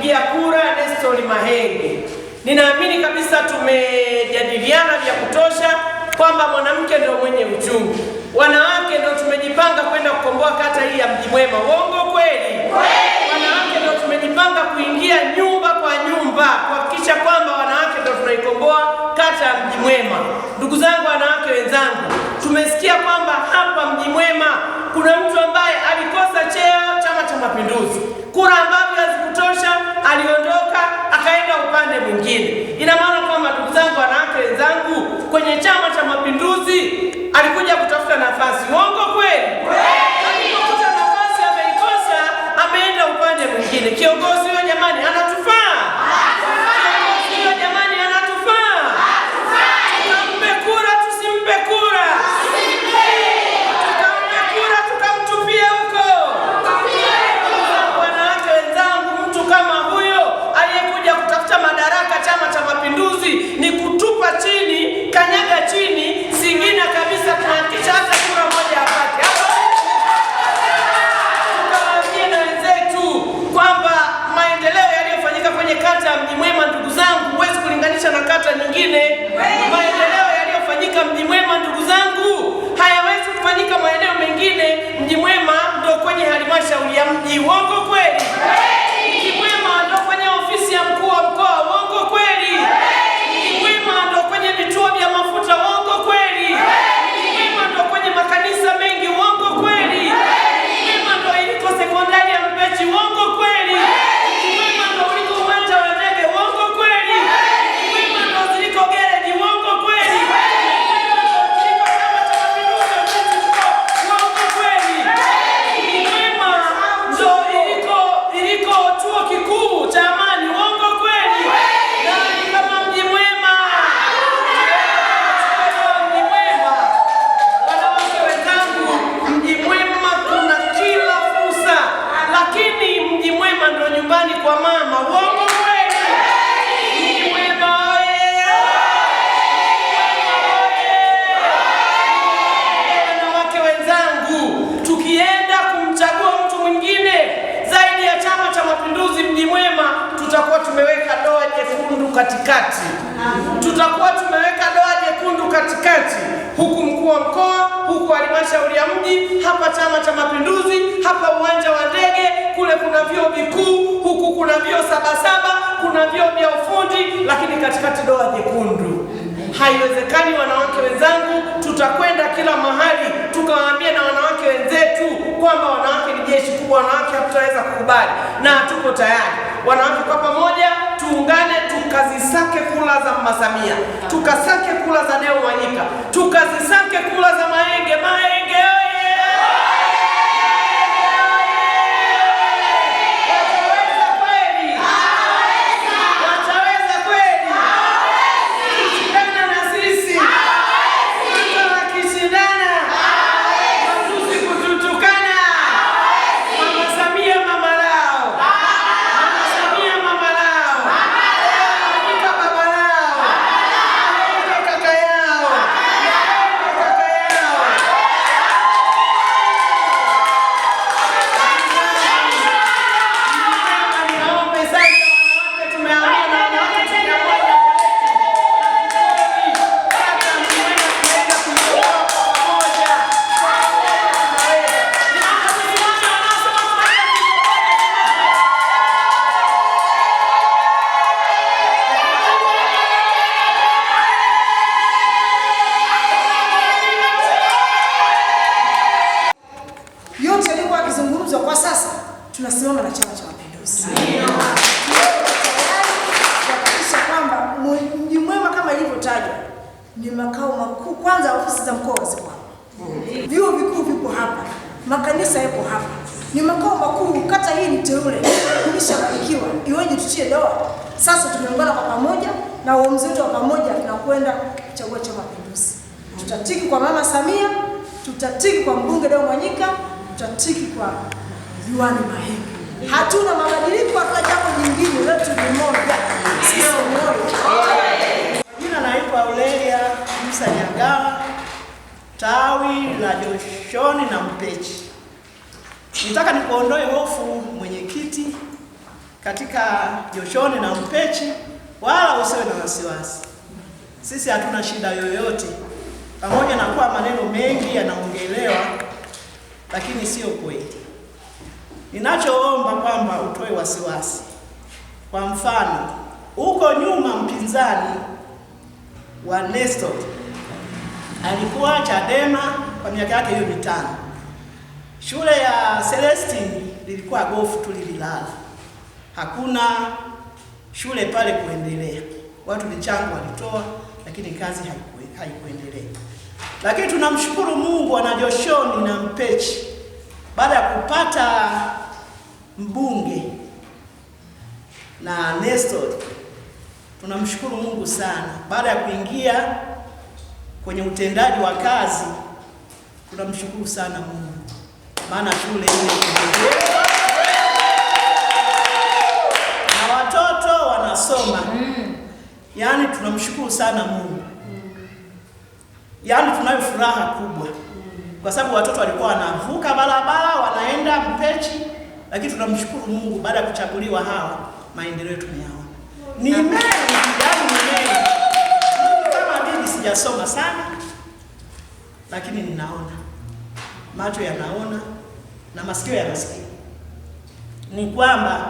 kumpigia kura Nestor Mahenge. Ninaamini kabisa tumejadiliana vya kutosha kwamba mwanamke ndio mwenye uchungu, wanawake ndio tumejipanga kwenda kukomboa kata hii ya Mji Mwema. Uongo kweli? Wanawake ndio tumejipanga kuingia nyumba kwa nyumba kuhakikisha kwamba wanawake ndio tunaikomboa kata ya Mji Mwema. Ndugu zangu, wanawake wenzangu, tumesikia kwamba hapa Mji Mwema kuna mtu ambaye alikosa cheo Chama cha Mapinduzi kura mwingine. Ina maana kwamba, ndugu zangu, wanawake wenzangu, kwenye Chama cha Mapinduzi alikuja kutafuta nafasi you want katikati, tutakuwa tumeweka doa jekundu katikati, huku mkuu wa mkoa, huku halmashauri ya mji, hapa Chama cha Mapinduzi, hapa uwanja wa ndege, kule kuna vyuo vikuu, huku kuna vyuo Sabasaba, kuna vyuo vya ufundi, lakini katikati doa jekundu. Haiwezekani wanawake wenzangu, tutakwenda kila mahali tukawaambia na wanawake wenzetu kwamba wanawake ni jeshi kubwa, wanawake hatutaweza kukubali na hatuko tayari. Wanawake kwa pamoja tuungane tukazisake kula za masamia tukasake kula za Deo Mwanyika, tukazisake kula za Maenge Maenge yote yalikuwa akizungumzwa kwa sasa tunasimama na Chama cha Mapinduzi kuhakikisha kwamba mji mwema kama ilivyotajwa ni makao makuu kwanza, ofisi za mkoa ziko hapa, vyuo vikuu viko hapa, makanisa yapo hapa, ni makao makuu. Kata hii ni teule, ilishafanikiwa iweje tutie doa? Sasa tumeungana kwa pamoja na uamuzi wetu wa pamoja na kuchagua Chama cha Mapinduzi. Tutatiki kwa Mama Samia, tutatiki kwa mbunge Deo Mwanyika tutatiki kwa juani mahindi. Hatuna mabadiliko hata jambo nyingine, letu ni moja, sio moja. Jina naitwa Aurelia Musa Nyangala, tawi la Joshoni na Mpechi. Nitaka nikuondoe hofu mwenyekiti, katika Joshoni na Mpechi, wala usiwe na wasiwasi. Sisi hatuna shida yoyote, pamoja na kuwa maneno mengi yanaongelewa lakini sio kweli. Ninachoomba kwamba utoe wasiwasi. Kwa mfano, huko nyuma mpinzani wa Nestor alikuwa Chadema kwa miaka yake hiyo mitano. Shule ya Celestine lilikuwa gofu tu lililala, hakuna shule pale kuendelea. Watu michango walitoa, lakini kazi haikuendelea. Lakini tunamshukuru Mungu ana Joshoni na Mpechi, baada ya kupata mbunge na Nestor, tunamshukuru Mungu sana. Baada ya kuingia kwenye utendaji wa kazi, tunamshukuru sana Mungu, maana shule ile na watoto wanasoma, mm. yaani tunamshukuru sana Mungu. Yaani tunayo furaha kubwa kwa sababu watoto walikuwa wanavuka barabara wanaenda Mpechi, lakini tunamshukuru Mungu baada ya kuchaguliwa hawa, maendeleo tumeyaona. Ni mimi kama mimi sijasoma sana, lakini ninaona, macho yanaona na masikio yanasikia. Ni kwamba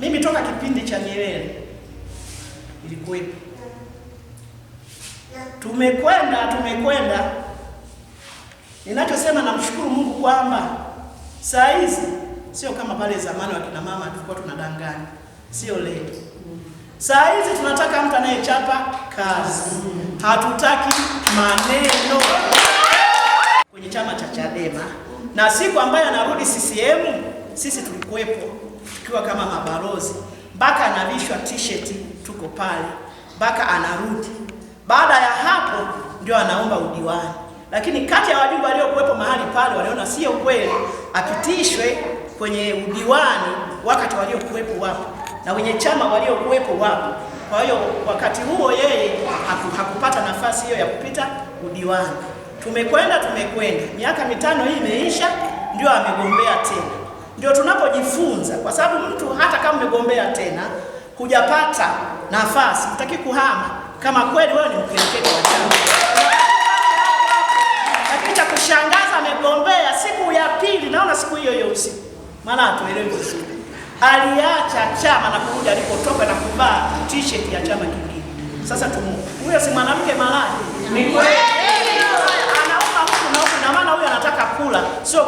mimi toka kipindi cha Nyerere ilikuwepo Tumekwenda, tumekwenda. Ninachosema, namshukuru Mungu kwamba saa hizi sio kama pale zamani, wakina mama tulikuwa tunadanganya, sio leo. Saa hizi tunataka mtu anayechapa kazi, hatutaki maneno kwenye chama cha Chadema. Na siku ambayo anarudi CCM, sisi tulikuwepo tukiwa kama mabalozi, mpaka anavishwa t-shirt, tuko pale mpaka anarudi. Baada ya hapo ndio anaomba udiwani, lakini kati ya wajumbe waliokuwepo mahali pale waliona sio kweli apitishwe kwenye udiwani wakati waliokuwepo wapo na wenye chama waliokuwepo wapo. Kwa hiyo wakati huo yeye haku, hakupata nafasi hiyo ya kupita udiwani. Tumekwenda tumekwenda, miaka mitano hii imeisha, ndio amegombea tena. Ndio tunapojifunza, kwa sababu mtu hata kama umegombea tena hujapata nafasi, utaki kuhama kama kweli wewe ni mkereketwa wa chama. Lakini cha kushangaza amegombea siku ya pili, naona siku hiyo hiyo usiku, maana hatuelewi vizuri, aliacha chama na kurudi alipotoka na kuvaa t-shirt ya chama kingine. Sasa tumu huyo si mwanamke malaya, ni kweli anauma huku na huku, na maana huyo anataka kula, sio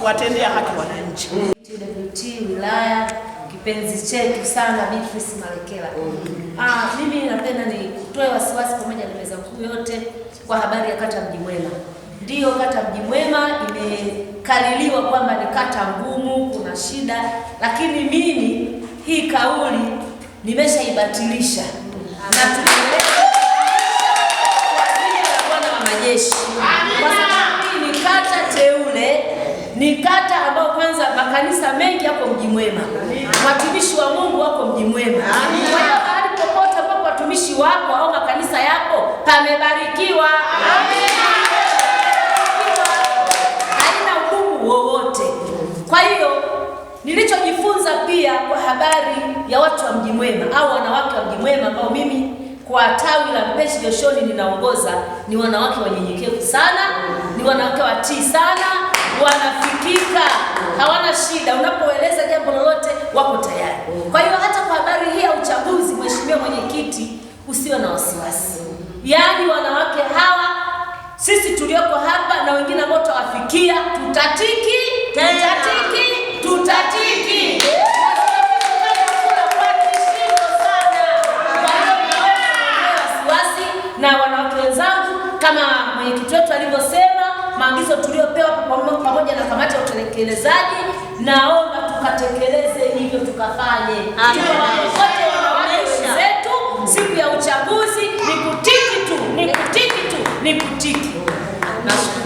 kuwatendea haki wananchi. TWT mm. wilaya, kipenzi chetu sana Beatrice Malekela. Mm. Ah, mimi napenda ni tutoe wasiwasi pamoja na meza kuu yote kwa habari ya kata Mji Mwema. Ndiyo, kata Mji Mwema imekaliliwa kwamba ni kata ngumu, kuna shida, lakini mimi hii kauli nimeshaibatilisha na tunaelekea wa majeshi ni kata teule, ni kata ambayo kwanza makanisa mengi yako mjimwema watumishi wa Mungu wako Mji Mwema watumishi wako au makanisa yako pamebarikiwa, haina ugumu wowote. Kwa hiyo nilichojifunza pia kwa habari ya watu wa Mji Mwema au wanawake wa Mji Mwema ambao mimi kwa tawi la Mpeshi Joshoni ninaongoza, ni wanawake wanyenyekevu sana, ni wanawake watii sana, wanafikika, hawana shida, unapoeleza jambo lolote wako tayari. Kwa hiyo hata kwa habari hii ya uchaguzi, Mheshimiwa Mwenyekiti usiwe na wasiwasi. Yaani wanawake hawa sisi tulioko hapa na wengine ambao tutawafikia, tutatiki, tutatiki, tutatiki. Na wanawake wenzangu, kama mwenyekiti wetu alivyosema, maagizo tuliyopewa pamoja na kamati ya utekelezaji, naomba tukatekeleze hivyo, tukafanye wote siku ya uchaguzi ni kutiki tu, ni kutiki tu, ni kutiki. Nashukuru.